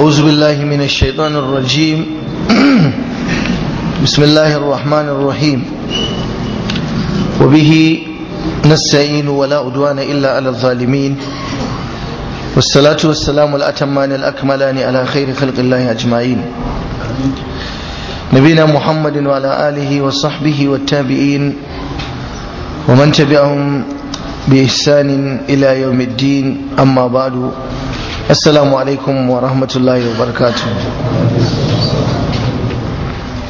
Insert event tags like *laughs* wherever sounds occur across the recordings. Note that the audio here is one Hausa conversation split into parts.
أعوذ بالله من الشيطان الرجيم بسم الله الرحمن الرحيم وبه نستعين ولا أدوان إلا على الظالمين والصلاة والسلام الأتمان الأكملان على خير خلق الله أجمعين نبينا محمد وعلى آله وصحبه والتابعين ومن تبعهم بإحسان إلى يوم الدين أما بعد assalamu alaikum wa rahmatullahi wa barakatu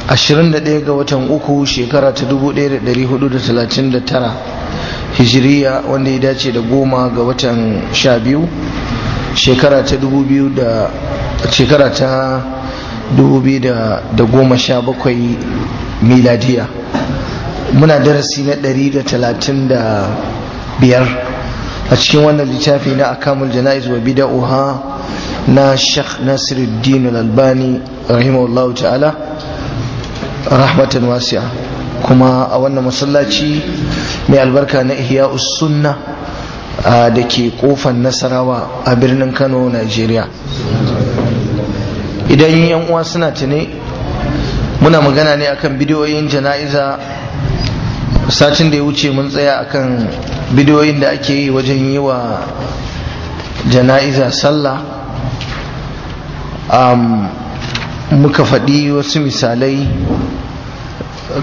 21 ga watan uku shekara ta 1439 hijiriya wanda ya dace da goma ga watan 12 shekara ta 2000 da shekara ta 2017 miladiya muna darasi na 135 a cikin wannan littafi na akamul jana'iz wa bida'uha na Sheikh Nasiruddin Al-Albani rahimahullah ta'ala rahmatan wasi'a kuma a wannan masallaci mai albarka na Ihya sunna da ke kofan Nasarawa a birnin Kano Najeriya idan yan uwa suna tune muna magana ne akan bidiyoyin jana'iza satin da ya wuce mun tsaya akan bidiyoyin da ake yi wajen yi wa jana'iza sallah muka faɗi wasu misalai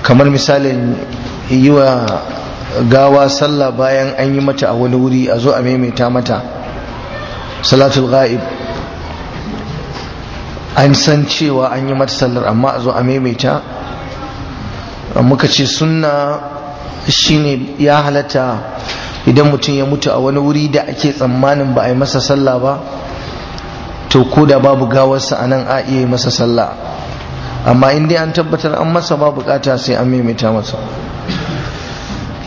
kamar misalin yi wa gawa sallah bayan an yi mata a wani wuri a zo a maimaita mata salatul ga'ib an san cewa an yi mata sallar amma a zo a maimaita muka ce sunna shine ya halatta idan mutum ya mutu a wani wuri da ake tsammanin ba a yi masa sallah ba to ko da babu gawarsa a nan a iya yi masa sallah amma in dai an tabbatar an masa ba bukata sai an maimaita masa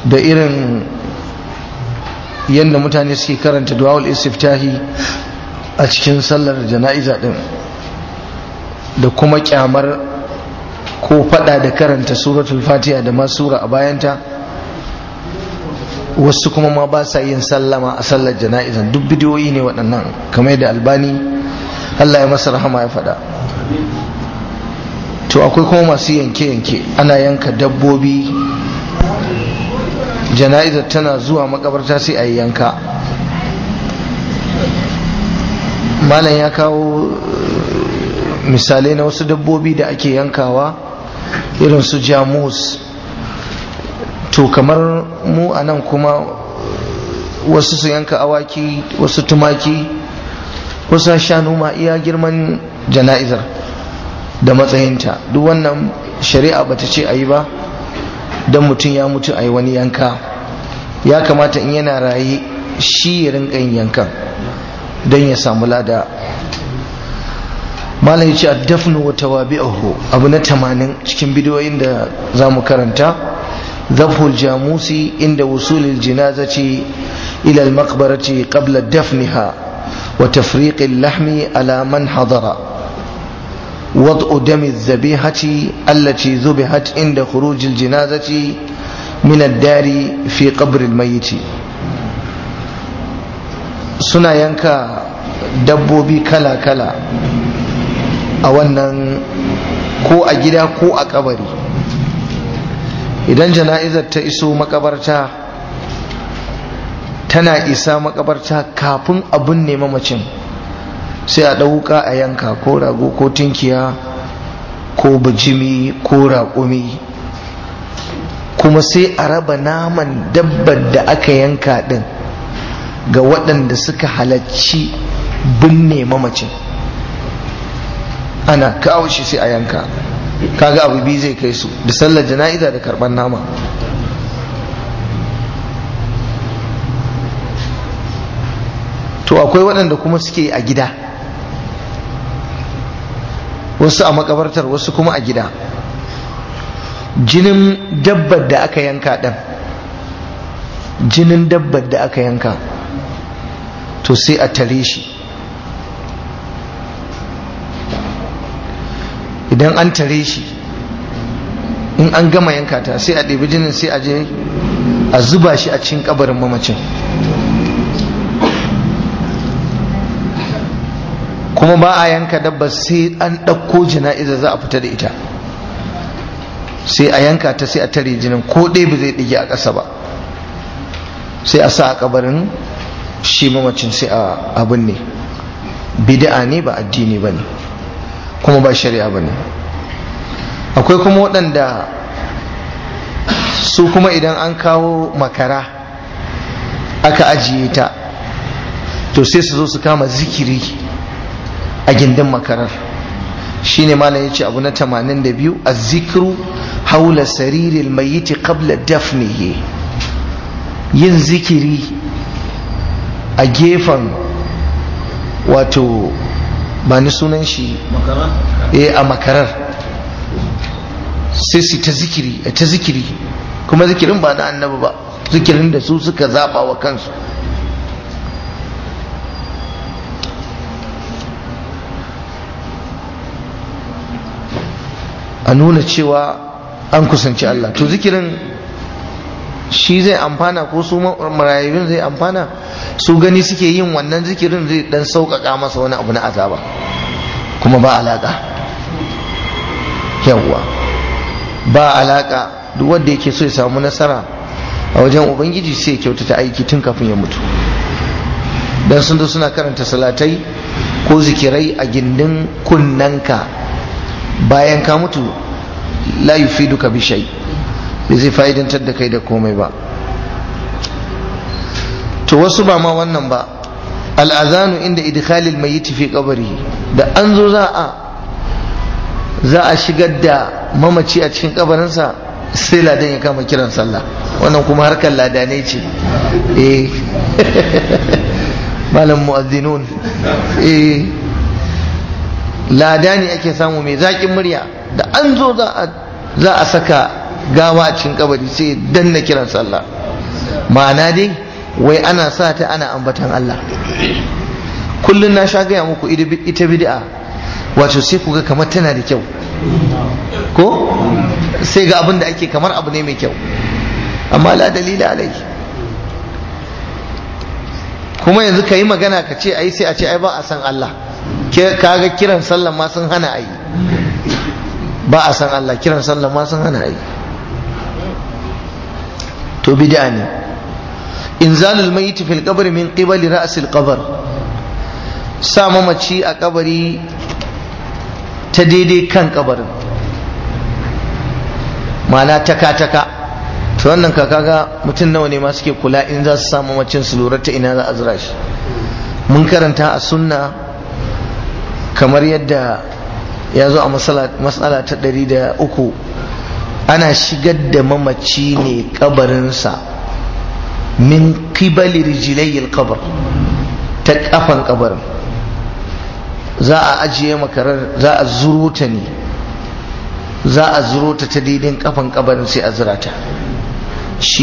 da irin yadda mutane suke karanta duwawul istiftahi a cikin sallar jana'iza din da kuma kyamar ko fada da karanta suratul fatiha da masura a bayanta wasu kuma ma ba sa yin sallama a sallar jana'izan duk bidiyoyi ne waɗannan kamar da albani Allah ya masa rahama ya faɗa to akwai kuma masu yanke-yanke ana yanka dabbobi jana'izar tana zuwa makabarta sai a yi yanka malam ya kawo eh, misalai na wasu dabbobi da ake yankawa irin su jamus to kamar mu a nan kuma wasu su yanka awaki wasu tumaki wasu shanu ma iya girman jana'izar da matsayinta duk wannan shari'a bata ce a yi ba don mutum ya mutu a yi wani yanka ya kamata in yana raye shi ya rinka yin yankan don ya samu lada malam ya ce a dafnu wata tawabi'ahu abu na tamanin cikin bidiyoyin da za mu karanta ذبح الجاموس عند وصول الجنازة إلى المقبرة قبل دفنها وتفريق اللحم على من حضر وضع دم الذبيحة التي ذبحت عند خروج الجنازة من الدار في قبر الميت suna yanka dabbobi kala-kala a wannan ko a gida ko a kabari idan jana'izar ta iso makabarta tana isa makabarta kafin abin ne mamacin sai a ɗauka a yanka ko rago ko tinkiya ko bijimi ko raƙumi kuma sai a raba naman dabbar da aka yanka ɗin ga waɗanda suka halacci binne mamacin ana kawo shi sai a yanka kaga abu biyu zai kai su da sallar jana'iza da karban nama to akwai waɗanda kuma suke a gida wasu a makabartar wasu kuma a gida jinin dabbar da aka yanka ɗan jinin dabbar da aka yanka to sai a tare shi idan an tare shi in an gama yanka ta sai a ɗabi jinin sai a je a zuba shi a cikin kabarin mamacin kuma ba a yanka dabba sai an ɗauko jana'iza za a fita da ita sai a yanka ta sai a tare jinin ko ɗaya ba zai ɗige a ƙasa ba sai a sa a kabarin shi mamacin sai a abin ne ne ba addini ba ne kuma ba shari'a ba ne akwai kuma waɗanda su kuma idan an kawo makara aka ajiye ta to sai su zo su kama zikiri a gindin makarar Shi shine malam yace abu na 82 a zikiru haula sariril mayyit qabla dafnihi yin zikiri a gefen wato ba ni sunan shi eh a makarar sai su ta zikiri ta zikiri kuma zikirin ba na annabi ba zikirin da su suka zaba wa kansu a nuna cewa an kusanci Allah to zikirin shi zai amfana ko su marayun zai amfana su gani suke yin wannan zikirin zai dan sauƙaƙa masa wani abu na azaba kuma ba alaƙa yawwa ba alaƙa duk wanda yake so ya samu nasara a wajen ubangiji sai ya kyautata aiki tun kafin ya mutu dan sun suna karanta salatai ko zikirai a gindin kunnanka bayan ka mutu la yufiduka duka bishai. bai zai fa'idantar da kai da komai ba to wasu ba ma wannan ba al'azanu inda idkhalil mayyiti fi qabri da an zo za a za a shigar da mamaci a cikin kabarinsa sai ladan ya kama kiran sallah wannan kuma harkar ne ce eh *laughs* malam mu'azzinun eh ladani ake samu mai zaƙin murya da an zo za a saka Gama a cikin kabari sai danna kiran sallah ma'ana dai wai ana sa ta ana ambatan Allah kullun na sha gaya muku ita bid'a wato sai ku ga kamar tana da kyau ko sai ga abin da ake kamar abu ne mai kyau amma la dalila alai kuma yanzu ka yi magana ka ce ai sai a ce ai ba a san Allah kaga kiran sallan ma sun hana ai ba a san Allah kiran sallan ma sun hana ai to bid'a ne inzalul mayyit fil qabr min qibali ra's al qabr sa mamaci a kabari ta daidai kan kabarin mana taka taka to wannan ka kaga mutum nawa ne ma suke kula in za su sa macin su lura ta ina za a zura shi mun karanta a sunna kamar yadda ya zo a matsala ta ɗari da uku ana shigar da mamaci ne kabarinsa min kibali rijilayil kabar ta kafan kabarin za a ajiye makarar za a ta ne za a zuruta ta daidin kafan kabarin sai a zirata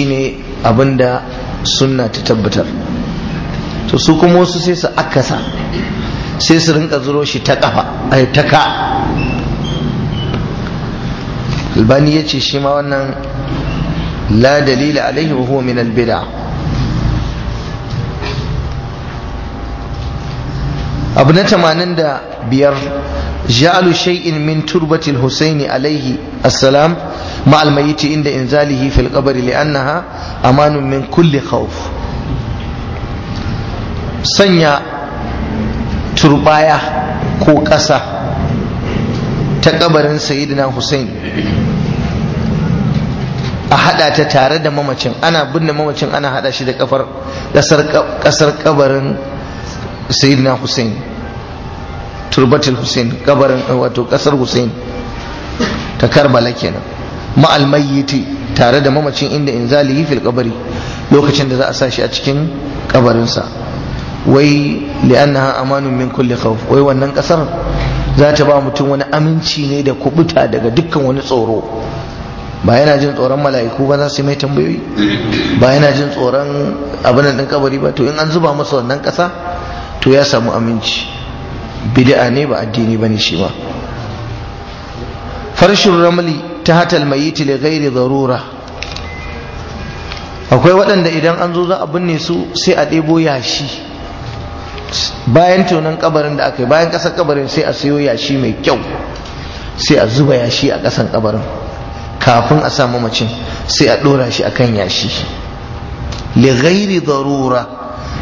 ne abinda sunna ta tabbatar to su kuma wasu sai su akasa sai su rinka zuro shi ta kafa ai ta ka albani ya ce shi ma wannan la dalila alaihi wa huwa min albida abu na tamanin da biyar ja'alu shay'in min turbatil husaini alaihi assalam ma almayiti inda inzalihi fil qabri Annaha, amanun min kulli khawf sanya turbaya ko ƙasa ta kabarin sayyidina Hussein a hada ta tare da mamacin ana binne mamacin ana hada shi da kafar kasar kabarin sayyidina Hussein turbatul Hussein kabarin wato kasar Hussein ta Karbala kenan ma'al mayyiti tare da mamacin inda inzalihi fil kabari lokacin da za a sa shi a cikin kabarinsa wai li'annaha amanun min kulli khawf wai wannan kasar za ta ba mutum wani aminci ne da kubuta daga dukkan wani tsoro ba yana jin tsoron mala'iku ba za su mai tambayoyi ba yana jin tsoron abin din kabari ba to in an zuba masa wannan kasa to ya samu aminci bid'a ne ba addini bane shi ba farshur ramli ta hatal mayyit li ghairi darura akwai waɗanda idan an zo za a binne su sai a ɗebo yashi bayan tonon kabarin da aka yi bayan ƙasar kabarin sai a siyo yashi mai kyau sai a zuba yashi a ƙasan kabarin kafin a samu mamacin sai a ɗora shi a kan yashi li ghairi darura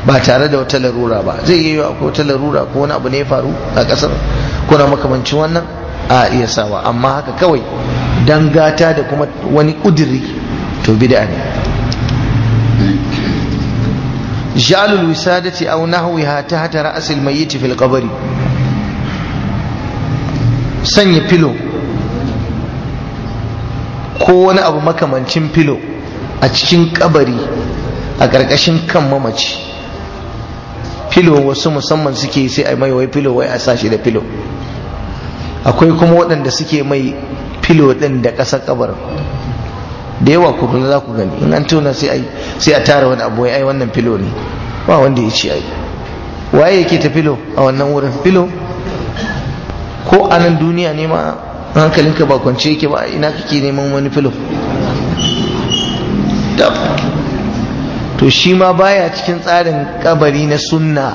ba tare da wata larura ba zai yi akwai wata larura ko wani abu ne ya faru a kasar ko na makamancin wannan a iya sawa amma haka kawai dangata da kuma wani kudiri to bid'a ne ja'alul wisadati aw nahwiha tahta ra's al fil qabri sanya filo ko wani abu makamancin filo a cikin kabari a ƙarƙashin kan mamaci filo wasu musamman suke sai a mai wai filo wai a sashi da filo akwai kuma waɗanda suke mai filo ɗin da ƙasar ƙabar. da yawa ku kuma za ku gani in an tuna sai ai a tara wani abu ai wannan filo ne ba wanda ya ci ai waye yake ta filo a wannan wurin filo ko a nan duniya ne ma hankalinka ba kwance yake ba ina kake neman wani filo to shi ma baya cikin tsarin kabari na sunna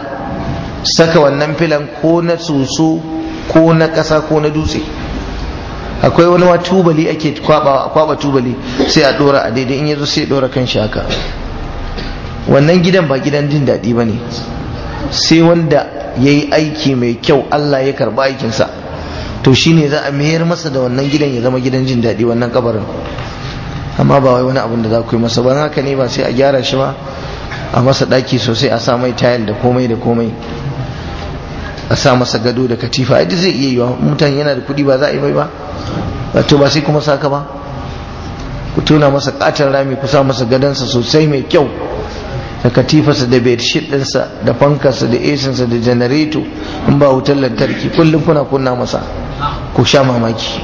saka wannan filan ko na soso ko na ƙasa ko na dutse akwai wani ma tubali ake kwaba tubali sai a dora a daidai in yazo sai dora kan haka wannan gidan ba gidan jin daɗi ba ne sai wanda ya yi aiki mai kyau Allah ya karba aikinsa to shine za a mayar masa da wannan gidan ya zama gidan jin daɗi wannan kabarin amma ba wai wani abun da za ku yi masa ba haka ne ba sai a gyara shi ba a masa ɗaki sosai a sa mai tayil da komai da komai a sa masa gado da katifa ai zai iya yi wa mutane yana da kuɗi ba za a yi mai ba wato ba sai kuma saka ba ku tuna masa katon rami ku sa masa gadansa sosai mai kyau da katifarsa da bedsheet ɗinsa da fankarsa da esinsa da janareto in ba wutar lantarki kullum kuna kunna masa ku sha mamaki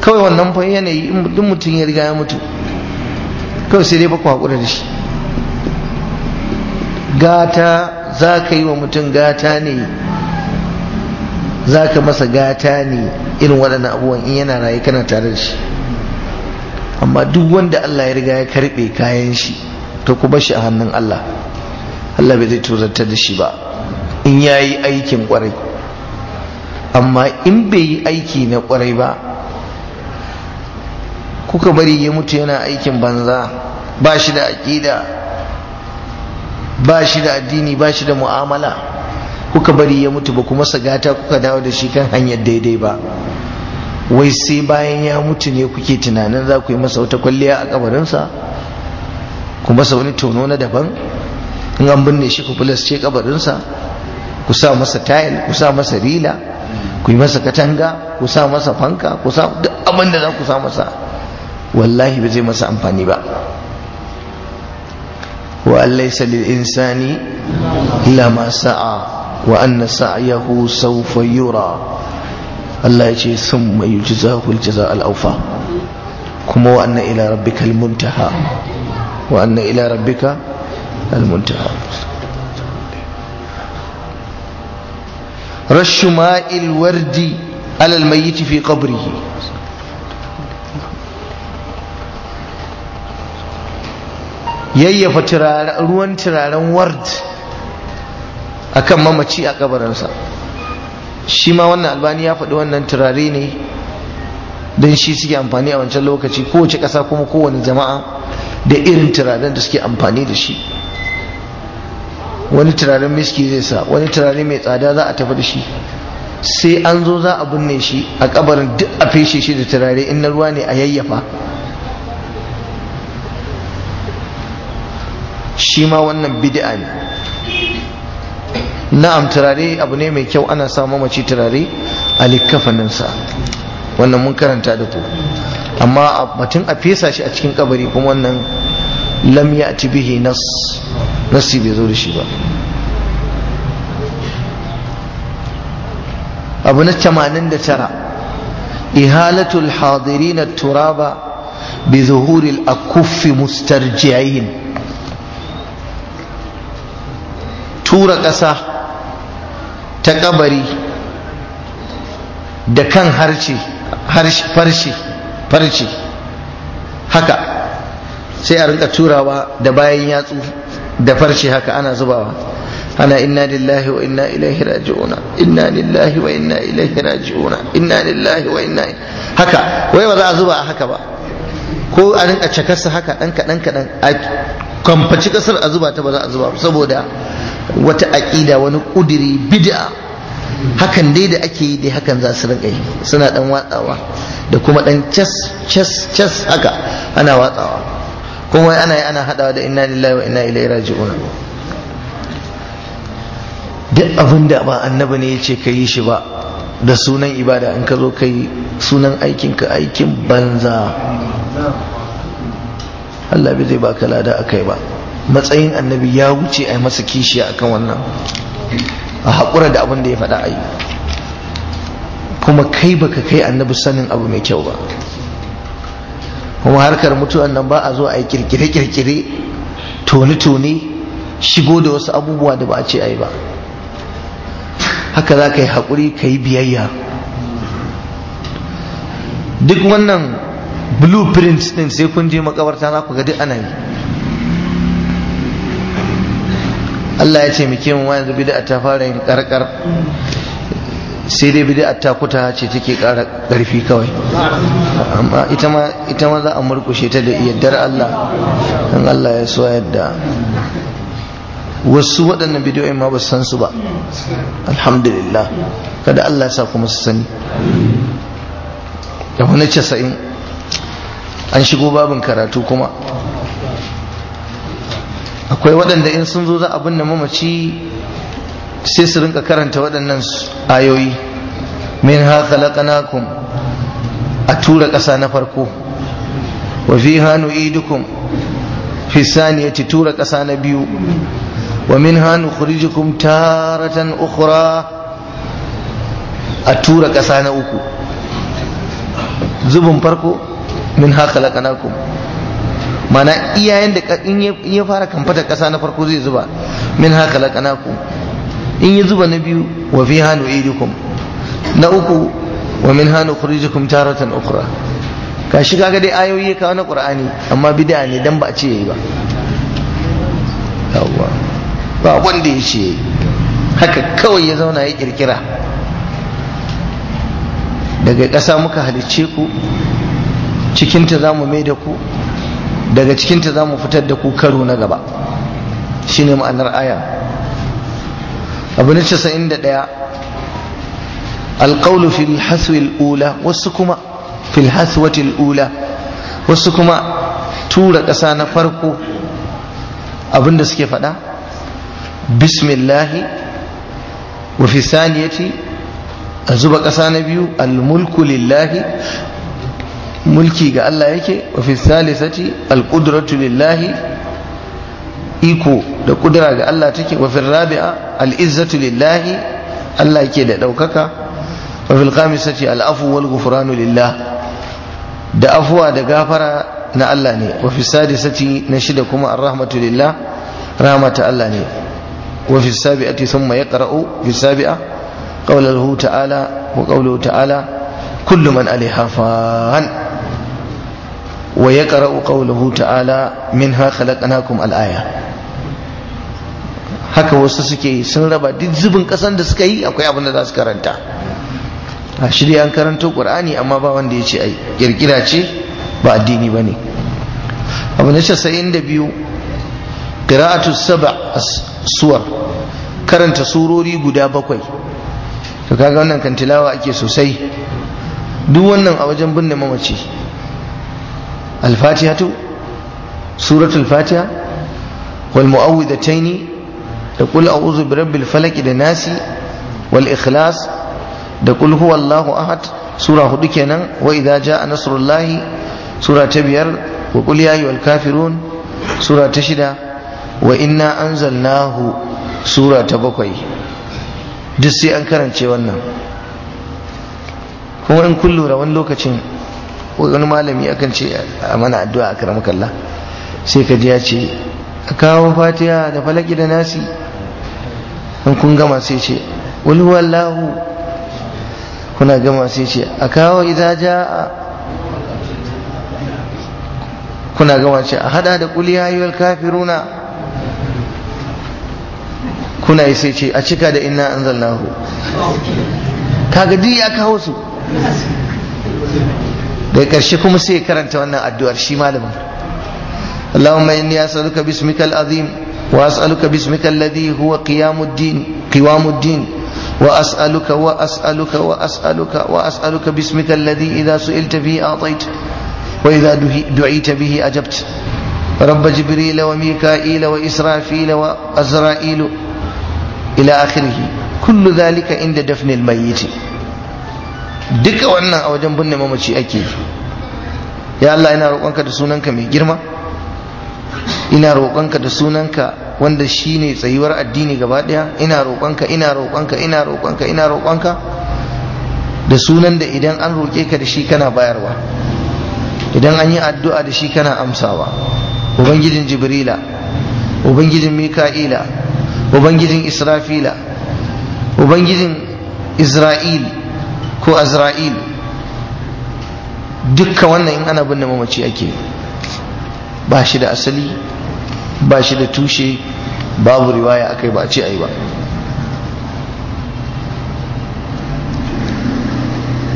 kawai wannan fa yanayi duk mutum ya riga ya mutu kawai sai dai ba ku haƙura da shi gata za ka yi wa mutum gata ne Zaka masa gata ne irin waɗannan abubuwan in yana raye kana tare da shi amma duk wanda Allah ya riga ya karɓe kayan shi to ku shi a hannun Allah Allah bai zai tozartar da shi ba in ya yi aikin ƙwarai amma in bai yi aiki na ƙwarai ba kuka bari ya mutu yana aikin banza ba shi da aƙida ba shi da addini ba shi da mu'amala kuka bari ya mutu ba kuma sagata kuka dawo da shi kan hanyar daidai ba wai sai bayan ya mutu ne kuke tunanin za ku yi masa wata kwalliya a kabarinsa ku masa wani tono na daban in an binne shi ku ce kabarinsa ku sa masa tayil ku sa masa rila ku yi masa katanga ku sa masa fanka ku sa duk abin da za ku sa masa wallahi ba zai masa amfani ba wa allaisa lil insani illa ma sa'a وأن سعيه سوف يرى الله يجي ثم يجزاه الجزاء الأوفى كما وأن إلى ربك المنتهى وأن إلى ربك المنتهى رش ماء الورد على الميت في قبره yayyafa ruwan turaren ورد akan mamaci a kabarinsa shi ma wannan albani ya faɗi wannan turare ne don shi suke amfani a wancan lokaci kowace ƙasa kuma kowane jama'a da irin turaren da suke amfani da shi wani turaren miski zai sa wani turare mai tsada za a tafi da shi sai an zo za a binne shi a kabarin duk a feshe shi da turare in na ruwa ne a yayyafa shi ma wannan bid'a ne na'am turare abu ne mai kyau ana sa maci turare a likkafaninsa wannan mun karanta da ku amma batun a fesa shi a cikin kabari kuma wannan lam ya ci bihi nas nasi bai zo da shi ba abu na 89 ihalatul hadirin turaba bi zuhuril akuffi mustarjiyin tura ƙasa ta kabari da kan harshe farce farce haka sai a rinka turawa da bayan yatsu da farce haka ana zubawa ana inna lillahi wa inna ilaihi raji'una inna lillahi wa inna ilaihi raji'una inna lillahi wa inna haka wai ba za a zuba haka ba ko a rinka cakarsa haka dan kadan kadan a kwamfaci kasar a zuba ta ba za a zuba saboda wata aƙida wani ƙudiri bid'a hakan dai da ake yi dai hakan za su riƙa yi suna ɗan watsawa da kuma ɗan cas cas cas haka ana watsawa kuma ana ana haɗawa da inna lillahi wa inna ilaihi raji'un duk abin da ba annabi ne yace ce ka yi shi ba da sunan ibada in ka zo ka yi sunan aikin ka aikin banza Allah bai zai baka lada akai ba matsayin annabi ya wuce a yi masa kishiya kan wannan a haƙura da abin ya faɗa a yi kuma kai baka kai annabi sanin abu mai kyau ba kuma harkar mutuwan nan ba a zo a yi kirkire-kirkire tone-tone shigo da wasu abubuwa da ba a ce a yi ba haka za ka yi haƙuri ka yi biyayya duk wannan blueprint ɗin sai kun je makabarta za ku ga duk ana yi Allah ya ce muke mu bid'a ta fara yin karkar sai dai bid'a ta kuta ce take kara karfi kawai amma ita ma ita ma za a murkushe ta da yaddar Allah in Allah ya so yadda wasu waɗannan bidiyoyin ma ba san su ba alhamdulillah kada Allah ya sa kuma su sani da wani casa'in an shigo babin karatu kuma akwai waɗanda in sun zo za a binne mamaci sai su rinka karanta waɗannan ayoyi min ha khalaqnakum a tura ƙasa na farko wa fi fiha nu'idukum fi saniyati tura ƙasa na biyu wa min ha nukhrijukum taratan ukhra a tura ƙasa na uku zubin farko min ha khalaqnakum mana iyayen da in ya fara kamfata ƙasa na farko zai zuba min haka laƙanaku in ya zuba na biyu wa fi hannu idukum na uku wa min hannu kurijukum taratan ukura. ka shi kaga dai ayoyi kawo na ƙur'ani amma bid'a ne dan ba a ce yayi ba ba wanda ya ce haka kawai ya zauna ya kirkira daga ƙasa muka halicce ku cikinta za mu mai da ku daga cikin ta zamu fitar da ku karo na gaba shine ma'anar aya abu na casa'in da ɗaya alƙaunu fil ula wasu kuma fil ula wasu kuma tura ƙasa na farko abinda suke faɗa bismillahi wa fi saniyati a zuba ƙasa na biyu almulku lillahi mulki ga Allah yake wa fi salisati al-qudratu lillahi iko da kudura ga Allah take wa fi rabi'a al'izzatu lillahi Allah yake da daukaka wa fil khamisati al'afu afwu wal ghufranu lillah da afuwa da gafara na Allah ne wa fi sadisati na shida kuma ar-rahmatu lillah rahmata Allah ne wa fi sabi'ati thumma yaqra'u fi sabi'a qawluhu ta'ala wa qawluhu ta'ala kullu man alaiha fan Wa ya ويقرأ قوله تعالى منها خلقناكم al'aya? haka wasu suke sun raba duk zubin kasan da suka yi akwai abin da za su karanta a shirya an karanta ƙur'ani amma ba wanda ya ce ai kirkira ce ba addini ba ne abu na casa'in da biyu qira'atu saba suwar karanta surori guda bakwai to kaga wannan kan tilawa ake sosai duk wannan a wajen binne mamaci alfatihatu suratul fatiha wal mu'awwidataini da qul a'udhu birabbil falaq da nasi wal ikhlas da qul huwallahu ahad sura hudu kenan wa idza jaa nasrullahi sura ta biyar wa qul kafirun sura ta shida wa inna anzalnahu sura ta bakwai duk sai an karance wannan kuma in kun lura wani lokacin wani malami akan ce a mana addu'a a karam kalla sai ka ji ya ce a kawo fatiha da falaki da nasi in kun gama sai ce wani wallahu kuna gama sai ce a kawo idan ja kuna gama ce a hada da kuli hayuwar kafiruna kuna yi sai ce a cika da ina an zalnahu kaga duk ya kawo su Dai karshe kuma sai karanta wannan addu'ar shi malamin Allahumma inni as'aluka bismikal azim wa as'aluka bismikal ladhi huwa qiyamuddin qiwamuddin wa as'aluka wa as'aluka wa as'aluka wa as'aluka bismikal ladhi idha su'ilta bihi a'tayta wa رب جبريل وميكائيل وإسرافيل وأزرائيل إلى آخره كل ذلك عند دفن الميت duka wannan a wajen binne mamaci ake ya Allah ina roƙonka da sunanka mai girma ina roƙonka da sunanka wanda shine tsayuwar addini gaba ɗaya ina roƙonka ina roƙonka ina roƙonka ina roƙonka da sunan da idan an roƙe ka da shi kana bayarwa idan an yi addu'a da shi kana amsawa ubangijin jibrila ubangijin mika'ila ubangijin israfila ubangijin isra'il ko azra'il dukka wannan in ana binne mamaci ake ba shi da asali ba shi da tushe babu riwaya akai ba a ce ai ba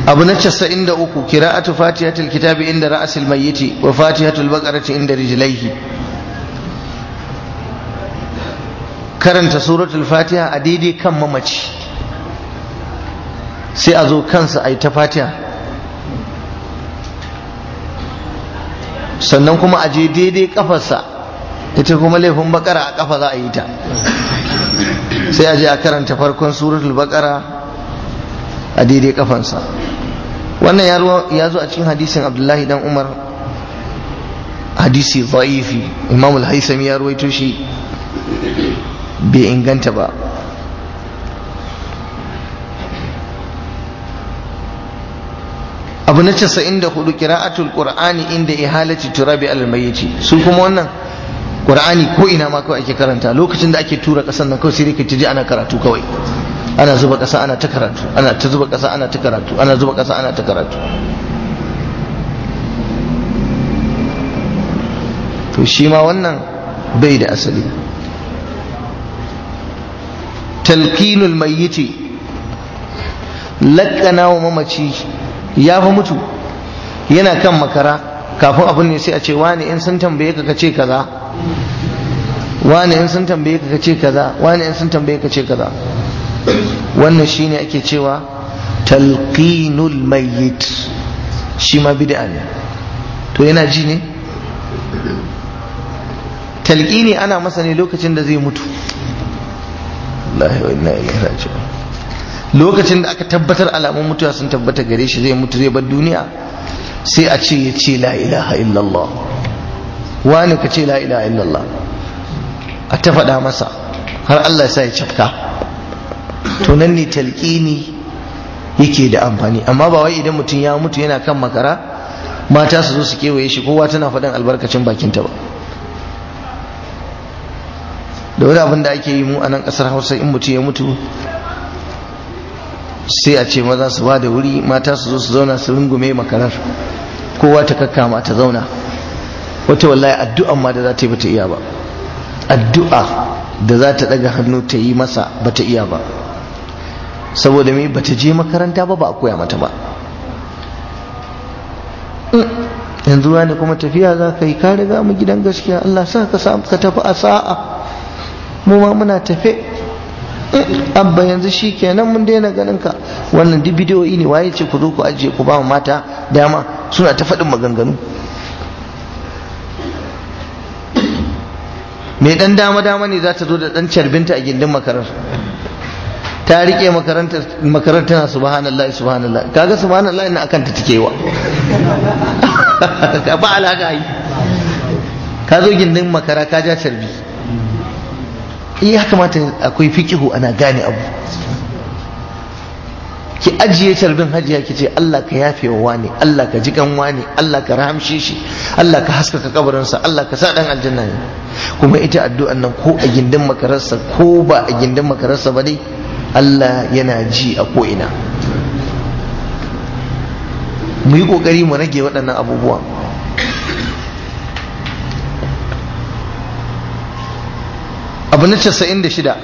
abu na casa'in da uku kira'atu fatihatul kitabi inda ra'asil mayyiti wa fatihatul baqarati inda rijlaihi karanta suratul fatiha a daidai kan mamaci sai a zo kansa a yi ta fatiya sannan kuma a je daidai kafarsa ita kuma laifin bakara a kafa za a yi ta sai a je a karanta farkon suratul bakara a daidai kafansa wannan ya zo a cikin hadisin abdullahi dan umar hadisi za'ifi imamul haisami ya ruwaito shi bai inganta ba abu na 94 qira'atul qur'ani inda ihalati turabi al mayyiti su kuma wannan qur'ani ko ina ma kawai ake karanta lokacin da ake tura kasan nan kawai sai ka ji ana karatu kawai ana zuba kasa ana ta karatu ana ta zuba kasa ana ta karatu ana zuba kasa ana ta karatu to shi ma wannan bai da asali talqinul mayyiti lakana wa mamaci ya fa mutu yana kan makara kafin abin ne sai a ce wani in sun tambaye ka kace kaza wani in sun tambaye ka kace kaza wani in sun tambaye ka kace kaza wannan shine ake cewa talqinul mayyit shi ma bid'a ne to yana ji ne talqini ana masa ne lokacin da zai mutu Allah wa inna ilaihi raji'un lokacin da aka tabbatar alamun mutuwa sun tabbata gare shi zai mutu zai bar duniya sai a ce ya ce la ilaha illallah wani ka ce la ilaha illallah a ta faɗa masa har Allah ya sa ya cafka to nan ne talqini yake da amfani amma ba wai idan mutum ya mutu yana kan makara mata su zo su kewaye shi kowa tana faɗin albarkacin bakinta ba da wani abin da ake yi mu a nan ƙasar hausa in mutum ya mutu sai a ce maza su ba da wuri mata su zo su zauna su rungume makarar kowa ta kakkama ta zauna wata wallahi addu'a ma da za ta yi bata iya ba addu'a da za ta daga hannu ta yi masa bata iya ba saboda me bata je makaranta ba ba a koya mata ba mm. yanzu wani kuma tafiya za ka yi ka riga mu gidan gaskiya Allah sa ka samu ka tafi a sa'a mu ma muna tafe abba yanzu shi kenan mun daina ganin ka wannan duk bidiyoyi ne waye ce ku zo ku ajiye ku ba mata dama suna ta faɗin maganganu mai dan dama dama ne za ta zo da dan carbinta a gindin makarar ta rike makarar tana subhanallah subhanallah kaga subhanallah ina akan ta take wa ka *laughs* ba alaka yi ka zo gindin makara ka ja carbi eh ya kamata akwai fikihu ana gane abu ki ajiye tarbin hajiya ki ce Allah ka yafe wa wani Allah ka ji kan wani Allah ka rahamshe shi Allah ka haskaka kabarinsa Allah ka sa dan aljanna ne kuma ita addu'an nan ko a gindin makararsa ko ba a gindin makararsa ba dai Allah yana ji a ko ina mu yi kokari mu rage waɗannan abubuwan abu na shida,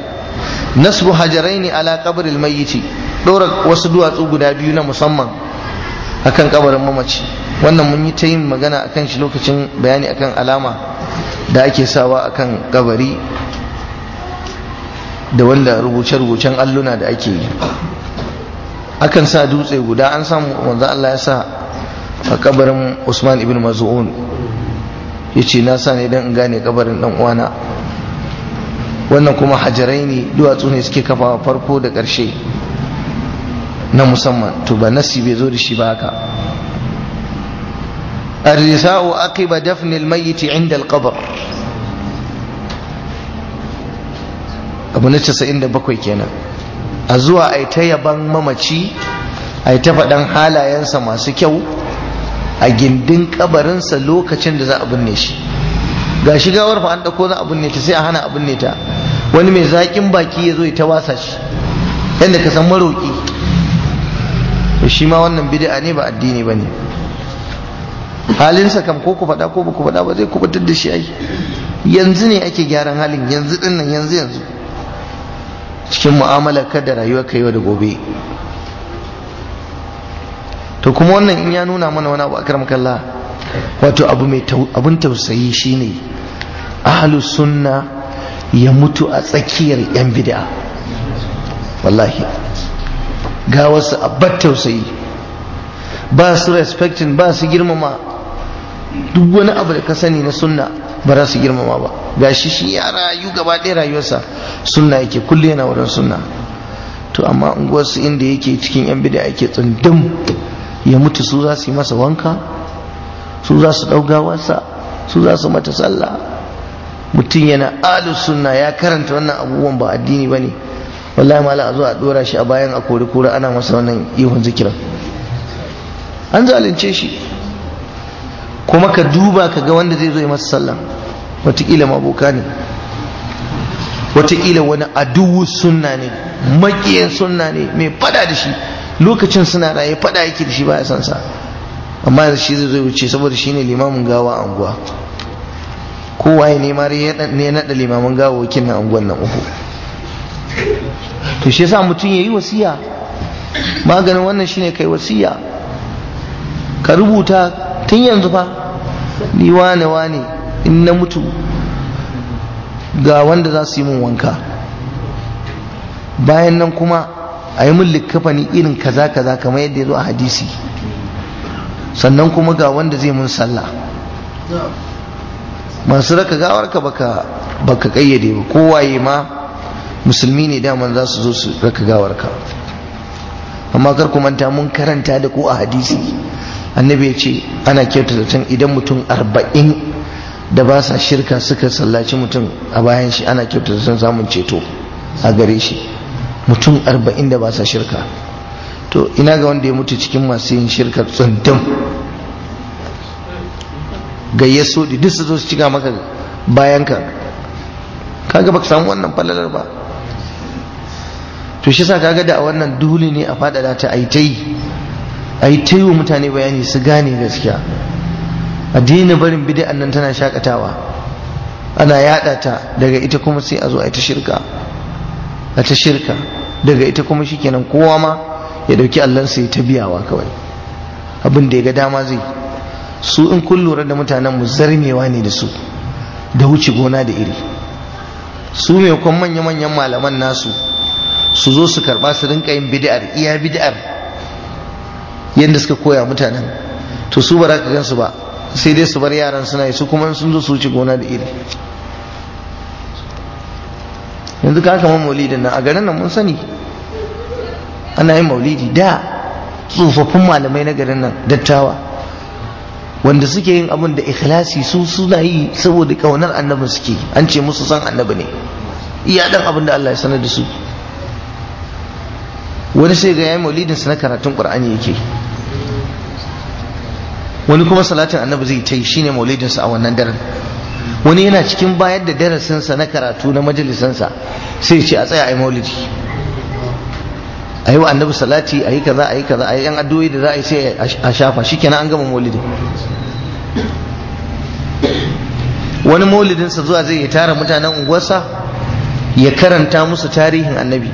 nasbu ne ala mai mayyiti dora wasu duwatsu guda biyu na musamman akan kabarin mamaci wannan mun yi ta yin magana akan shi lokacin bayani akan alama da ake sawa akan kabari da wanda rubuce-rubucen alluna da ake yi akan sa dutse guda an samu wanzan Allah ya sa a kabarin Usman ibn ya yace na sa ne don in gane kabarin dan uwana wannan kuma hajarai ne duwatsu ne suke kafawa farko da ƙarshe na musamman to ba nasi bai zo da shi ba haka ba dafnil دفن الميت inda alƙabar. abu na casa'in da bakwai kenan a zuwa a ta yaban mamaci a ta faɗan halayensa masu kyau a gindin ƙabarinsa lokacin da za a binne shi ga shigawar fa an ɗauko za abin ne ta sai a hana abin ne ta wani mai zaƙin baki ya zo ya ta wasa shi yadda ka san maroƙi to shi ma wannan bid'a ne ba addini ba ne halinsa kam ko ku faɗa ko ba ku faɗa ba zai kubutar da shi ai yanzu ne ake gyaran halin yanzu ɗin nan yanzu yanzu cikin mu'amala ka da rayuwa ka yau da gobe to kuma wannan in ya nuna mana wani abu akram wato abu mai abun tausayi shine ahlu sunna ya mutu a tsakiyar yan bid'a wallahi ga wasu abbat tausayi ba su respecting ba su girmama duk wani abu da ka sani na sunna ba za su girmama ba ga shi shi ya rayu gaba ɗaya rayuwarsa sunna yake kulle yana wurin sunna to amma unguwarsu inda yake cikin yan bida yake tsundum ya mutu su za su yi masa wanka su za su ɗaugawarsa su za su mata sallah mutum yana alus sunna ya karanta wannan abubuwan ba addini bane wallahi ma a a dora shi a bayan a kori kura ana masa wannan ihun zikirin an zalunce shi kuma ka duba ka ga wanda zai zo yi masa sallah wataƙila maboka ne wataƙila wani aduwu sunna ne maƙiyan sunna ne mai fada da shi lokacin suna raye fada yake da shi ba ya san sa amma shi zai zo wuce saboda shi ne limamin gawa a unguwa kowa ya nema ya naɗa limaman gawawakin na angon nan uku to shi yasa mutum ya yi wasiya maganin wannan shine kai wasiya ka rubuta tun yanzu fa ni wane wane in na mutu ga wanda za su yi min wanka bayan nan kuma a yi min likkafani irin kaza kaza kamar yadda ya zo a hadisi sannan kuma ga wanda zai mun sallah masu raka gawar ka baka baka kayyade ba waye ma musulmi ne daman za su zo su raka gawar ka amma kar ku manta mun karanta da ku a hadisi annabi ya ce ana kyautata can idan mutum arba'in da ba sa shirka suka sallaci mutum a bayan shi ana kyautata can samun ceto a gare shi mutum arba'in da ba sa shirka to ina ga wanda ya mutu cikin masu yin shirka tsundum gayya sodi duk su zo su cika maka bayan ka kaga baka samu wannan falalar ba to shi sa kaga da a wannan dole ne a da ta aitai aitai wa mutane bayani su gane gaskiya addinin barin bid'an nan tana shakatawa ana yada ta daga ita kuma sai a zo a ta shirka a ta shirka daga ita kuma shikenan kowa ma ya dauki allansa ya ta biyawa kawai abin da ya ga dama zai su in kun lura da mutanen mu zarmewa ne da su da wuce gona da iri su mai kwan manya-manyan malaman nasu su zo su karba su rinka yin bidi'ar iya bidi'ar yadda suka koya mutanen to su ba za ka gansu ba sai dai su bar yaran suna yi su kuma sun zo su wuce gona da iri yanzu ka kama maulidin nan a garin nan mun sani ana yin maulidi da tsofaffin malamai na garin nan dattawa wanda suke yin abin da ikhlasi su suna yi saboda kaunar annabin suke an ce musu san annabi ne iya dan abin da Allah ya sanar da su wani sai ga yayin maulidin sa na karatun qur'ani yake wani kuma salatin annabi zai ta yi shine maulidin sa a wannan daren wani yana cikin bayar da darasin sa na karatu na majalisansa, sai ya ce a tsaya ai maulidi ayi wa annabi salati ayi kaza ayi kaza ayi yan addu'o'i da za a yi sai a shafa shikenan an gama maulidin wani maulidin sa zuwa zai tara mutanen unguwarsa ya karanta musu tarihin annabi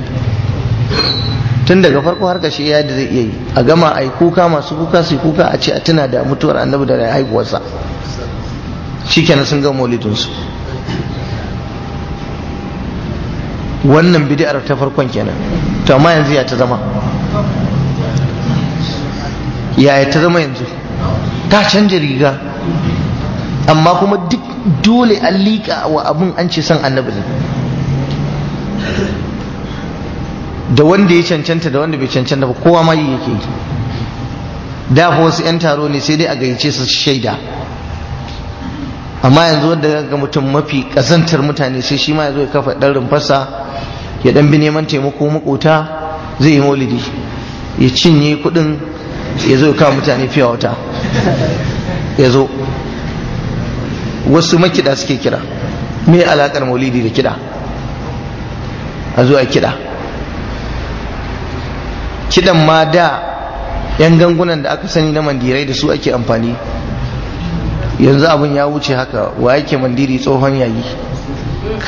tun daga farko har kashe ya da zai iya yi a gama a yi kuka masu kuka su kuka a ce a tuna da mutuwar annabi da haihuwarsa shikenan sun gama su wannan bidi'ar ta farkon kenan to amma yanzu ya ta zama yaya ta zama yanzu ta canja riga amma kuma duk dole an liƙa wa abin an ce son annabi ne da wanda ya cancanta da wanda bai cancanta ba kowa ma yi yake da wasu 'yan taro ne sai dai a gayyace su shaida amma yanzu wanda ga mutum mafi kasantar mutane sai shi ma ya zo ya kafa dan rumfarsa ya dan bi neman taimako makota zai yi maulidi ya cinye kudin ya zo ya kawo mutane fiye wata ya zo wasu kiɗa suke kira me alakar maulidi da kida a zuwa kida kidan ma da yan gangunan da aka sani na mandirai da su ake amfani yanzu abin ya wuce haka wa yake mandiri tsohon yayi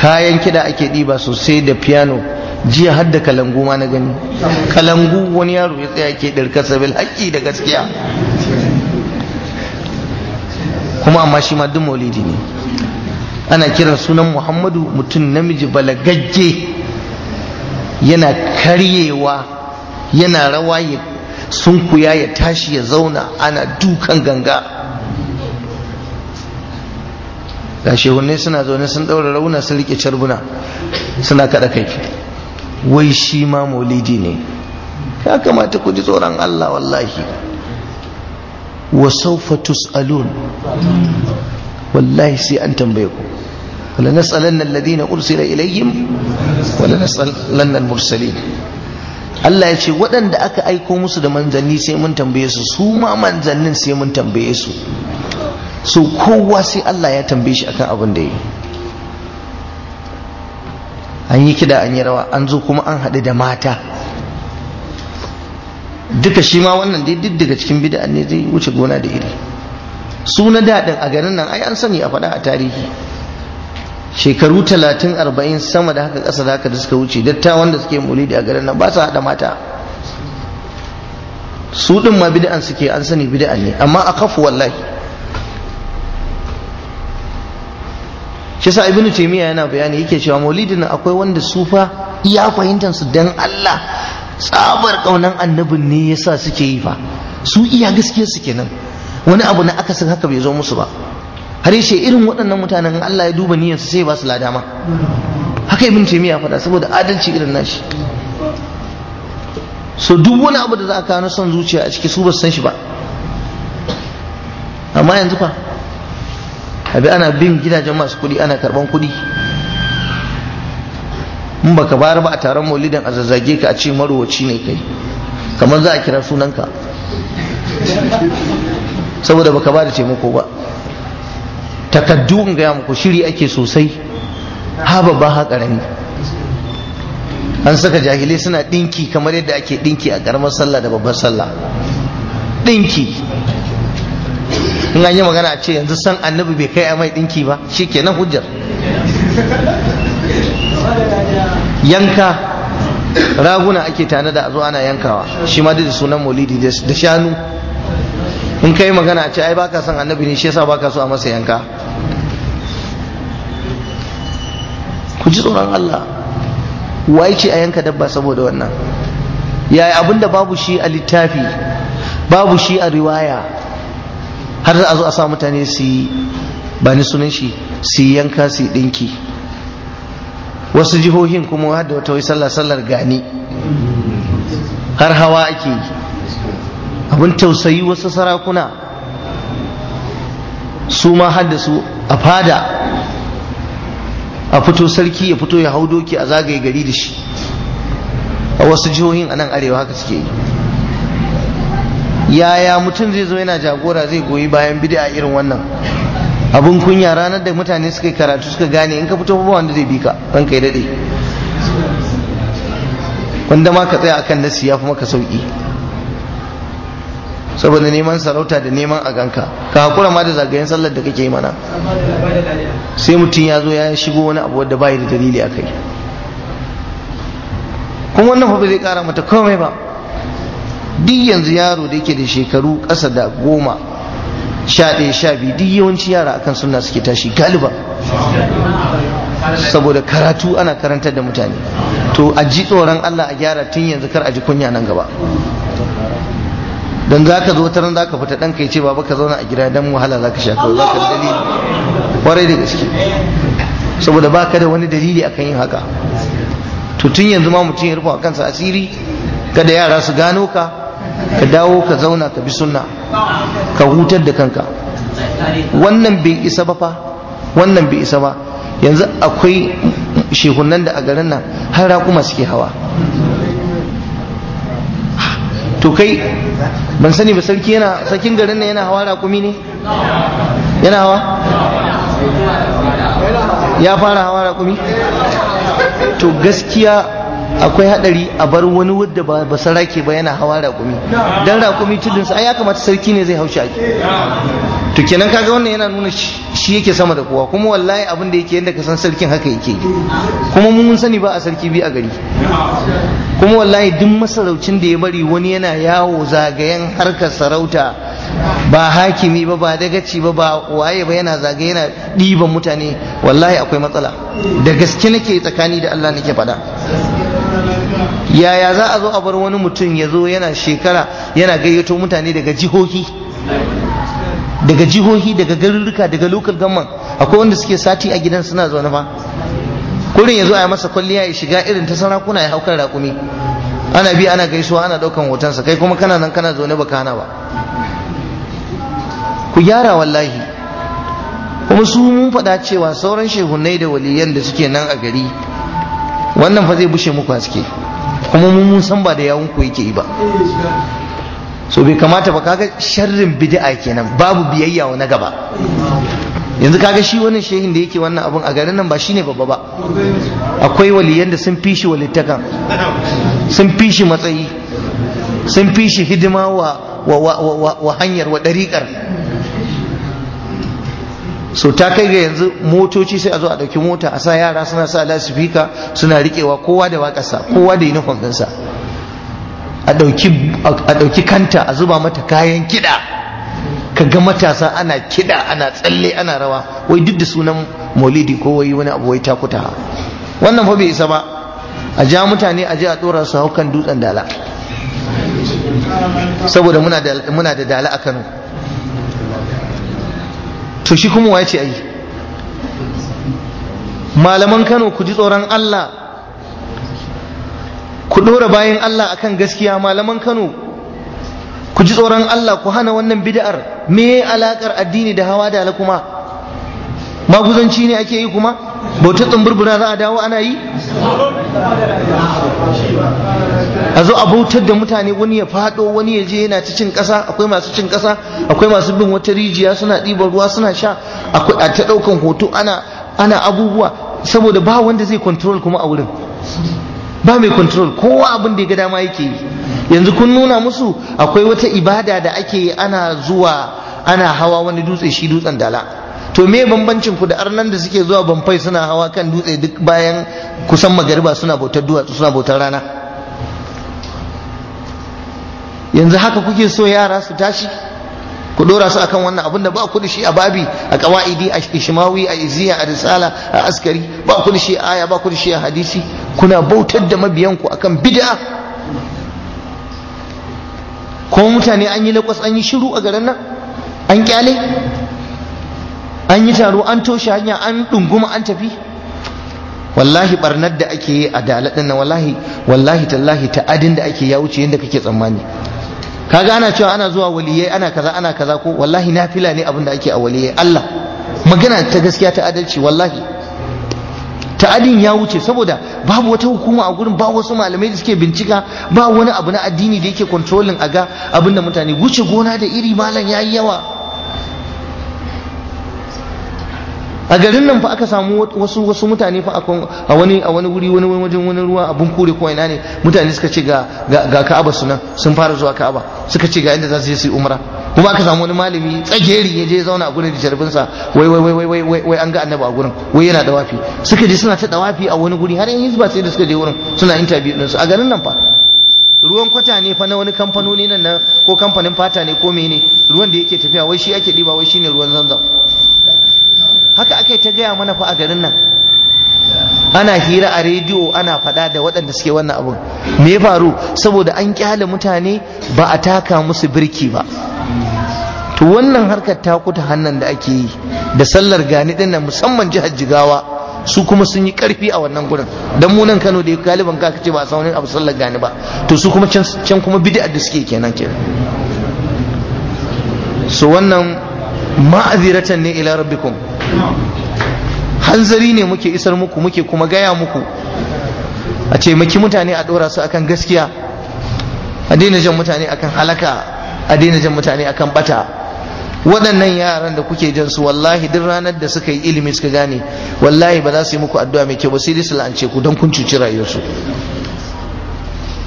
kayan kiɗa ake ɗiba sosai da piano jiya har da kalangu ma na gani kalangu wani yaro ya tsaya ke ɗirka sabil haƙƙi da gaskiya kuma amma shi ma duk maulidi ne ana kiran sunan muhammadu mutum namiji balagagge yana karyewa yana rawa ya sunkuya ya tashi ya zauna ana dukan ganga ga shehunne suna zaune sun ɗaura rauna sun riƙe carbuna suna kaɗa kai wai shi ma maulidi ne ya kamata ku ji tsoron Allah wallahi wa sawfa tus'alun wallahi sai an tambaye ku wala nas'alanna alladhina ursila ilayhim wala nas'alanna al-mursalin Allah ya ce waɗanda aka aiko musu da manzanni sai mun tambaye su su ma manzannin sai mun tambaye su so kowa sai Allah ya tambaye shi akan abin da yi an yi kida an yi rawa an zo kuma an haɗu da mata duka shi ma wannan dai duk daga cikin bid'a ne zai wuce gona da iri su na daɗin a garin nan ai an sani a faɗa a tarihi shekaru talatin arba'in sama da haka ƙasa da haka da suka wuce dattawan da suke da a garin nan ba su haɗa mata su ɗin ma bid'an suke an sani bid'a ne amma a kafu wallahi shi yasa ibnu taymiya yana bayani yake cewa maulidin akwai wanda sufa iya fahimtar su dan Allah tsabar kaunan annabin ne yasa suke yi fa su iya gaskiyar su kenan wani abu na akasin haka bai zo musu ba har yace irin waɗannan mutanen Allah ya duba niyyar su sai ba su ladama haka ibnu taymiya fada saboda adalci irin nashi so duk wani abu da za ka kawo son zuciya a ciki su ba san shi ba amma yanzu fa abi ana bin gidajen masu kuɗi ana karban kuɗi in baka bayar ba a taron maulidin a zazzage ka a ce marowaci ne kai kamar za a kira sunanka saboda baka ba da taimako ba takaddu in gaya muku shiri ake sosai ha babba ha karami an saka jahilai suna dinki kamar yadda ake dinki a karamar sallah da babbar sallah dinki in an yi magana a ce yanzu san annabi bai kai a mai dinki ba shi ke nan hujjar yanka raguna ake tana da a zo ana yankawa shi ma da sunan molidi da shanu in kai magana a ce ai baka san annabi ne shi yasa baka so a masa yanka ku ji tsoron Allah wai ce a yanka dabba saboda wannan yaya abunda babu shi a littafi babu shi a riwaya har za a zo a sa mutane su yi ba ni sunan shi su yi yanka su yi ɗinki wasu jihohin kuma har da wata wai sallar sallar gani har hawa ake yi abin tausayi wasu sarakuna su ma har da su a fada a fito sarki ya fito ya hau doki a zagaye gari da shi a wasu jihohin a nan arewa haka suke yi yaya mutum zai zo yana jagora zai goyi bayan bid'a irin wannan abun kunya ranar da mutane suka karatu suka gane in ka fito ba wanda zai bi ka ran kai dade wanda ma ka tsaya akan nasi ya fi maka sauki saboda neman sarauta da neman a ganka ka hakura ma da zagayen sallar da kake mana sai mutum ya zo ya shigo wani abu wadda bayi da dalili a kai kuma wannan fa zai kara mata komai ba duk yanzu yaro da yake da shekaru ƙasa da goma sha ɗaya sha biyu duk yawanci yara akan suna suke tashi galiba saboda karatu ana karantar da mutane to a ji tsoron Allah a gyara tun yanzu kar a ji kunya nan gaba don za ka zo ta za ka fita ɗanka ya ce baba ka zauna a gida don wahala za ka sha kawai za ka dalili kwarai da gaske saboda ba ka da wani dalili akan yin haka to tun yanzu ma mutum ya rufa kansa asiri kada yara su gano ka ka dawo ka zauna ka bi sunna ka hutar da kanka wannan bai isa ba fa wannan bai isa ba yanzu akwai shekunan da a garin nan har raƙuma suke hawa to kai ban sani ba sarki yana sarkin garin nan yana hawa raƙumi ne yana hawa ya fara hawa raƙumi to gaskiya akwai hadari a bar wani wadda ba sarake ba yana hawa rakumi dan rakumi tudun ai ya kamata sarki ne zai haushi ake to kenan kaga wannan yana nuna shi yake sama da kowa kuma wallahi abin da yake yadda ka san sarkin haka yake kuma mun sani ba a sarki bi a gari kuma wallahi duk masaraucin da ya bari wani yana yawo zagayen harkar sarauta ba hakimi ba ba dagaci ba ba waye ba yana zagaye yana ɗiban mutane wallahi akwai matsala da gaske nake tsakani da Allah nake faɗa yaya za a zo a bar wani mutum ya zo yana shekara yana gayyato mutane daga jihohi daga jihohi daga garuruka daga local gamman akwai wanda suke sati a gidan suna zaune ba kurin ya zo a yi masa kwalliya ya shiga irin ta sarakuna ya haukar raƙumi ana bi ana gaisuwa ana ɗaukan hotonsa kai kuma kana nan kana zaune baka hana ba ku gyara wallahi kuma su mun faɗa cewa sauran shehunai da waliyan da suke nan a gari wannan fa zai bushe muku haske kuma mun san ba da yawon ku yake yi ba so bai kamata ba kaga sharrin bid'a kenan babu biyayya na gaba yanzu kaga shi wannan shehin da yake wannan abun a garin nan ba shine babba ba akwai waliyan da sun fishi walittakan sun fishi matsayi sun fishi hidima wa wa hanyar wa dariƙar so ta kai ga yanzu motoci sai a zo a ɗauki mota a sa yara suna sa lasifika suna riƙewa kowa da waƙarsa kowa da yunifom ɗinsa a ɗauki kanta a zuba mata kayan kiɗa ka ga matasa ana kiɗa ana tsalle ana rawa wai duk da sunan maulidi ko wai wani abu wai takuta wannan fa bai isa ba a ja mutane a je a ɗora su haukan dutsen dala saboda muna da dala a kano to shi kuma waye ce ayi malaman Kano ku ji tsoron Allah ku dora bayan Allah akan gaskiya malaman Kano ku ji tsoron Allah ku hana wannan bid'ar me alakar addini da hawa da kuma maguzanci ne ake yi kuma bautar tsumburbura za a dawo ana yi a zo a bautar da mutane wani ya faɗo wani ya je yana ta cin ƙasa akwai masu cin ƙasa akwai masu bin wata rijiya suna ɗiban ruwa suna sha akwai a ta ɗaukan hoto ana abubuwa saboda ba wanda zai control kuma a wurin ba mai control kowa abin da ya ga dama yake yi yanzu kun nuna musu akwai wata ibada da ake yi ana zuwa ana hawa wani dutse shi dutsen dala to me bambancin ku da arnan da suke zuwa bamfai suna hawa kan dutse duk bayan kusan magariba suna bautar duwatsu suna bautar rana yanzu haka kuke so yara su tashi ku dora su akan wannan abin da ba ku shi a babi a qawaidi a ishmawi a iziya a risala a askari ba ku shi aya ba ku shi a hadisi kuna bautar da mabiyan ku akan bid'a ko mutane an yi lakwas an yi shiru a garin nan an kyale an yi taro an toshe hanya an ɗunguma an tafi wallahi barnar da ake yi a daladin na wallahi wallahi tallahi ta'adin da ake ya wuce yadda kake tsammani kaga ana cewa ana zuwa waliyai ana kaza ana kaza ko wallahi na fila ne abin da ake a waliyai Allah magana ta gaskiya ta adalci wallahi adin ya wuce saboda babu wata hukuma a gurin ba wasu malamai da suke bincika ba wani abu na addini da yake controlling aga abinda mutane wuce gona da iri malam yayi yawa a garin nan fa aka samu wasu wasu mutane fa a wani a wani wuri wani wajen wani ruwa abun kure ko ina ne mutane suka ce ga ga Ka'aba su sun fara zuwa Ka'aba suka ce ga inda za su je su yi umra kuma aka samu wani malami tsageri ya je zauna a gurin da jarbin sa wai wai wai wai wai wai an ga annabi a gurin wai yana dawafi suka je suna ta dawafi a wani guri har yan hizba sai da suka je wurin suna interview din su a garin nan fa ruwan kwata ne fa na wani kamfanoni nan na ko kamfanin fata ne ko mene ruwan da yake tafiya wai shi ake diba wai shine ruwan zamzam haka aka ta gaya mana fa a garin nan ana hira a rediyo ana faɗa da waɗanda suke wannan abu me ya faru saboda an kyale mutane ba a taka musu birki ba to wannan harkar ta kuta hannan da ake yi da sallar gani dinnan musamman jihar jigawa su kuma sun yi karfi a wannan gurin dan mu nan Kano da galiban ka kace ba a san abu sallar gani ba to su kuma can kuma bid'a da suke kenan kenan so wannan ma'aziratan ne ila rabbikum hanzari ne muke isar muku muke kuma gaya muku a ce maki mutane a dora su akan gaskiya a daina jan mutane akan halaka a daina jan mutane akan bata waɗannan yaran da kuke jan su wallahi duk ranar da suka yi ilimi suka gane wallahi ba za su yi muku addu'a mai kyau ba sai dai su la'ance ku don kun cuci rayuwarsu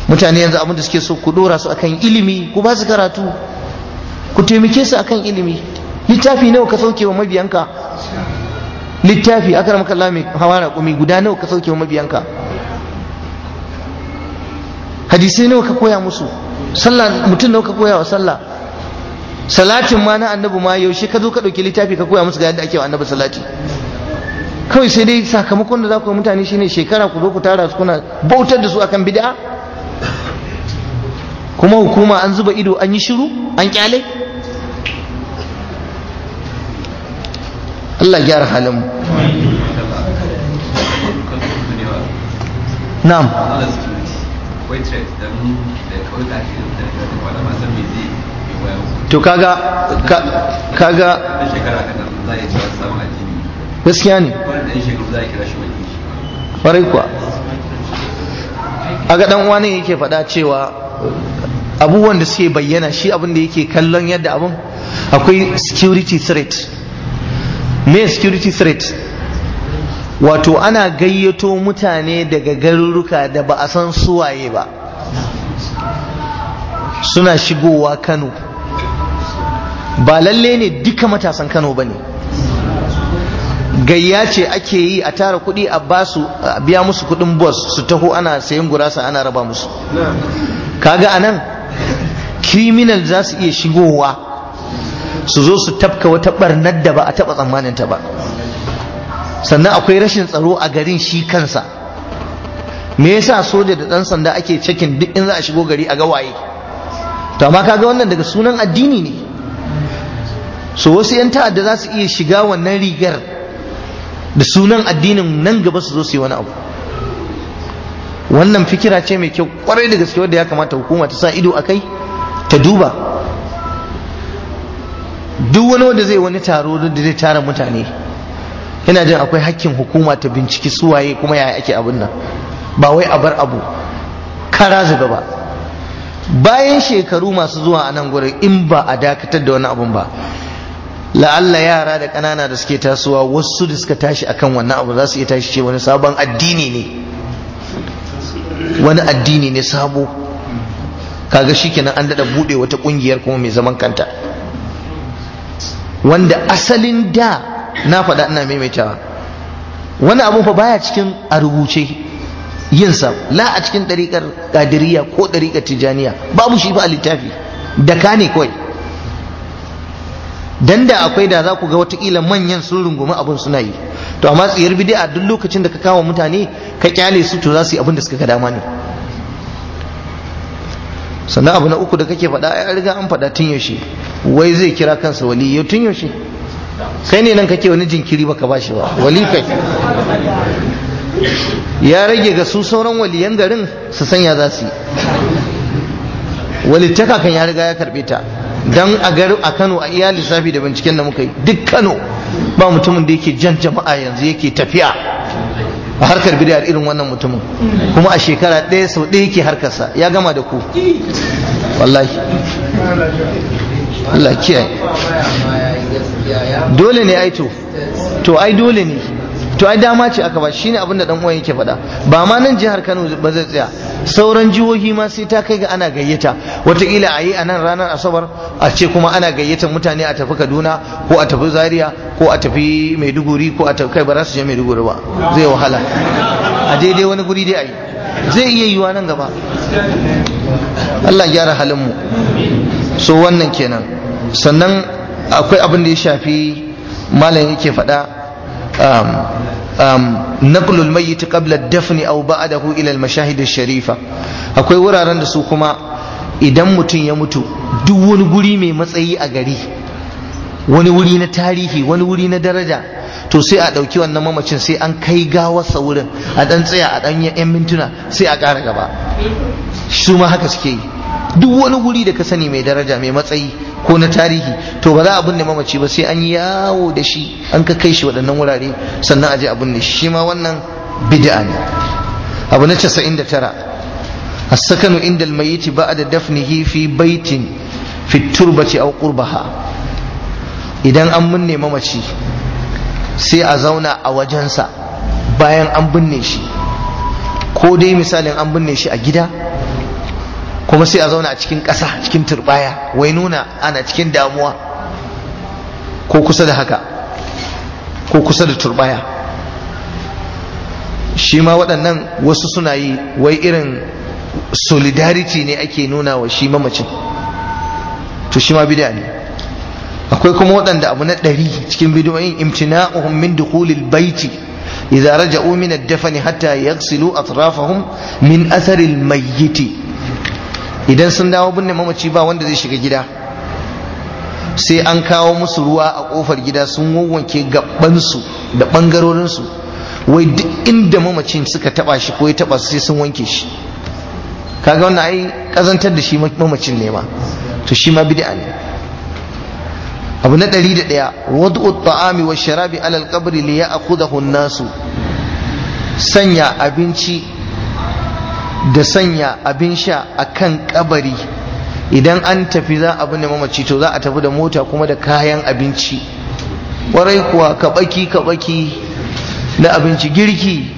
mutane yanzu abin da suke so ku dora su akan ilimi ku ba su karatu ku taimake su akan ilimi littafi nawa ka sauke wa mabiyanka littafi akram kallah mai hawa kumi guda nawa ka sauke wa mabiyanka hadisai nawa ka koya musu sallah mutum nawa ka koya wa sallah salatin ma na annabi ma yaushe ka zo ka ɗauki littafi ka koya musu ga yadda ake wa annabi salati kawai sai dai sakamakon da za ku yi mutane shine shekara ku zo ku tara su kuna bautar da su akan bid'a kuma hukuma an zuba ido an yi shiru an kyale Allah gyara halin na'am to kaga kaga gaskiya ne Kwarai kuwa a ga ɗan wani yake faɗa cewa abubuwan da suke bayyana shi abin da yake kallon yadda abin akwai security threat me security threat wato ana gayyato mutane daga garuruka da ba a san suwaye ba suna shigowa kano ba lalle ne duka matasan kano ba ne gayya ce ake yi a tara kuɗi a basu a biya musu kuɗin bus su taho ana sayan gurasa ana raba musu kaga anan criminal za su iya shigowa su zo su tafka wata barnar da ba a taba tsammanin ta ba sannan akwai rashin tsaro a garin shi kansa me yasa soja da dan sanda ake cikin duk in za a shigo gari a ga waye to amma kaga wannan daga sunan addini ne so wasu yan ta'adda za su iya shiga wannan rigar da sunan addinin nan gaba su zo su yi wani abu wannan fikira ce mai kyau kwarai da gaske wadda ya kamata hukuma ta sa ido a kai ta duba duk wani wanda zai wani taro da zai tara mutane yana jin akwai hakkin hukuma ta binciki suwaye kuma yaya ake abin nan ba wai a bar abu kara zuba ba bayan shekaru masu zuwa a nan gurin in ba a dakatar da wani abun ba la'alla yara da ƙanana da suke tasowa wasu da suka tashi akan wannan abu za su iya tashi ce wani sabon addini ne wani addini ne sabo kaga shikenan an daɗa buɗe wata ƙungiyar kuma mai zaman kanta wanda asalin da na faɗa ina maimaitawa wani abu fa baya cikin a rubuce yinsa la a cikin ɗariƙar ƙadiriya ko ɗariƙar tijaniya babu shi fa a littafi da ka ne kawai dan da akwai da za ku ga watakila manyan sun rungumi abin suna yi to amma tsiyar bidi'a duk lokacin da ka kawo mutane ka kyale su to za su yi abin da suka ga dama ne sannan abu na uku da kake faɗa ya riga an faɗa tun yaushe wai zai kira kansa wali tun yaushe kai ne nan kake wani jinkiri baka bashi ba wali kai ya rage ga su sauran waliyan garin su sanya za su yi walittaka kan ya riga ya karbe ta don a gar a Kano a iya lissafi da binciken da muka yi duk Kano ba mutumin da yake jan jama'a yanzu yake tafiya a harkar bidiyar irin wannan mutumin kuma a shekara ɗaya sau ɗaya ke harkarsa ya gama da ku wallahi Allah kiyaye dole ne aito to ai dole ne to ai dama ce aka ba shine abinda dan uwan yake faɗa ba ma nan jihar Kano ba zai tsaya sauran jihohi ma sai ta kai ga ana gayyata wataƙila a yi a nan ranar asabar a ce kuma ana gayyatar mutane a tafi Kaduna ko a tafi Zaria ko a tafi Maiduguri ko a tafi kai ba za su je Maiduguri ba zai wahala a daidai wani guri dai a yi zai iya yiwa nan gaba Allah gyara halin mu so wannan kenan sannan akwai abin da ya shafi malam yake faɗa Um, um, naqlu al-mayyit qabla dafni aw ba'dahu ila al-mashahid sharifa akwai wuraren da su kuma idan mutum ya mutu duk wani guri mai matsayi a gari wani wuri na tarihi wani wuri na daraja to sai a ɗauki wannan mamacin sai an kai gawarsa wurin a ɗan tsaya a ɗan yan mintuna sai a ƙara gaba su ma haka suke yi duk wani wuri da ka sani mai daraja mai matsayi ko na tarihi to ba za a binne mamaci ba sai an yawo da shi an ka kai shi waɗannan wurare sannan a je a binne shi ma wannan bid'a ne abu na 99 السكن عند الميت ba'da dafnihi fi baitin fi turbati aw qurbaha idan an binne mamaci sai a zauna a wajensa bayan an binne shi ko dai misalin an binne shi a gida kuma sai a zauna a cikin ƙasa cikin turbaya wai nuna ana cikin damuwa ko kusa da haka ko kusa da turbaya shi ma waɗannan wasu suna yi wai irin solidarity ne ake nuna wa shi mamacin to shi ma bid'a ne akwai kuma waɗanda abu na ɗari cikin bidiyoyin imtina'uhum min dukhulil baiti idza raja'u min ad-dafn hatta yaghsilu atrafahum min athari al-mayyiti idan sun dawo binne mamaci ba wanda zai shiga gida sai an kawo musu ruwa a kofar gida sun wawwanke gabansu da bangarorinsu wai duk inda mamacin suka taba shi ko ya taba su sai sun wanke shi kaga wannan ai kazantar da shi mamacin ne ma to shi ma bid'a ne abu na ɗari da ɗaya wadu'u ta'ami wa sharabi alal qabri li ya'khudahu an-nasu sanya abinci da sanya abin sha a kan kabari idan an tafi za a binne mamaci to za a tafi da mota kuma da kayan abinci warai kuwa kabaki kabaki na abinci girki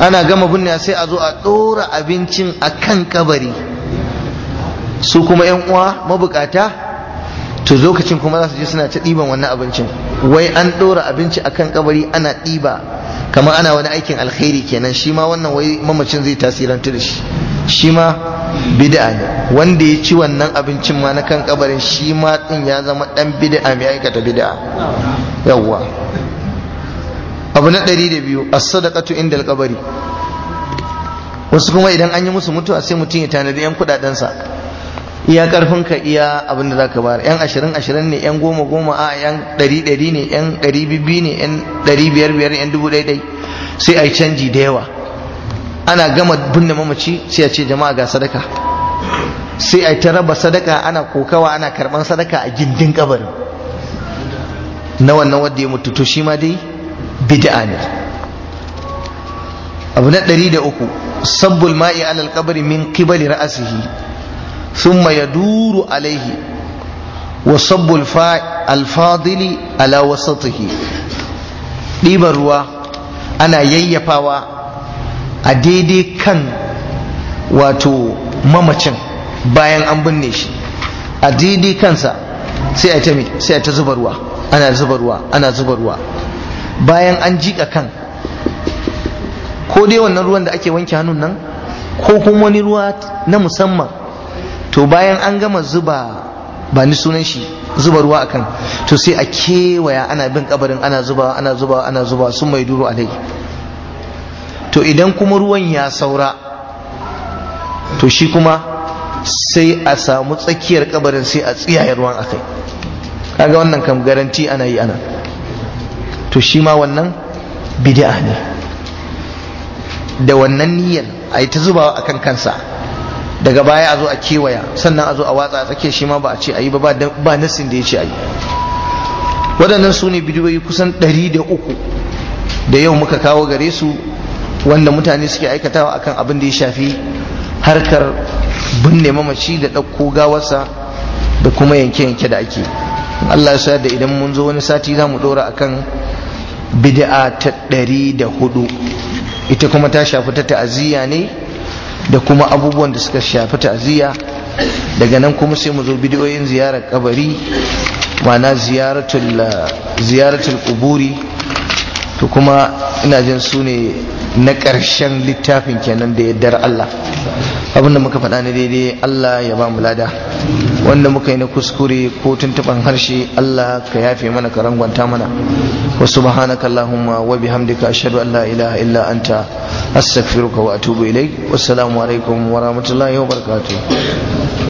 ana gama binne sai a zo a ɗora abincin a kan kabari su kuma yan uwa mabukata to lokacin kuma za su je suna ta ɗiban wannan abincin wai an ɗora abinci a kan kabari ana ɗiba kamar ana wani aikin alkhairi kenan shi ma wannan wai mamacin zai tasirantu da shi shi ma bid'a ne wanda ya ci wannan abincin ma na kan kabarin shi ma din ya zama dan bid'a mai aikata bid'a yawwa abu na ɗari da biyu as-sadaqatu inda kabari wasu kuma idan an yi musu mutuwa sai mutum ya tanadi yan kudadensa iya karfin ka iya abin da zaka bayar yan ashirin ashirin ne yan goma goma a yan ɗari ɗari ne yan ɗari bibbi ne yan ɗari biyar biyar yan dubu ɗaya ɗai sai a yi canji da yawa ana gama binne mamaci sai a ce jama'a ga sadaka sai a yi ta raba sadaka ana kokawa ana karɓan sadaka a gindin kabarin na wannan wanda ya mutu to shi ma dai bid'a ne abu na ɗari da uku sabbul ma'i alal kabari min qibali ra'asihi ثم يدور عليه وصب الفاضل على وسطه ɗiban ruwa ana yayyafawa a daidai kan wato mamacin bayan an binne shi a daidai kansa sai a ta sai a ta zuba ruwa ana zuba ruwa ana zuba ruwa bayan an jika kan ko dai wannan ruwan da ake wanke hannun nan ko kuma wani ruwa na musamman to bayan an gama zuba ba ni sunan shi zuba ruwa akan to sai a kewaya ana bin kabarin ana zuba ana zuba ana zuba sun mai duro alai to idan kuma ruwan ya saura to shi kuma sai a samu tsakiyar kabarin sai a tsiyaye ruwan akai kaga wannan kam garanti ana yi ana to shi ma wannan bid'a ne da wannan niyyar a yi ta zubawa akan kansa daga baya a zo a kewaya sannan a zo a watsa a tsakiyar shi ma ba a ce a yi ba ba nasin da ya ce ayi. yi waɗannan su ne bidiyoyi kusan ɗari da uku da yau muka kawo gare su wanda mutane suke aikatawa akan abin da ya shafi harkar binne mamaci da ɗauko gawarsa da kuma yanke-yanke da ake Allah ya sayar da idan mun zo wani sati za mu ɗora akan bid'a ta ɗari da hudu ita kuma ta shafi ta ta'aziyya ne da kuma abubuwan da suka shafi ta'ziya daga nan kuma sai mu zo bidiyoyin ziyarar kabari ma'ana ziyaratul eh, ziyaratul to kuma ina jin su ne na ƙarshen littafin kenan da yaddar Allah abinda muka faɗa na daidai Allah ya ba mu lada wanda muka yi na kuskure ko tuntuɓan harshe Allah ka yafe mana ka rangwanta mana wa subhanaka allahumma wa bihamdika ashhadu an la ilaha illa anta astaghfiruka wa atubu ilaik wassalamu alaikum wa rahmatullahi wa barakatuh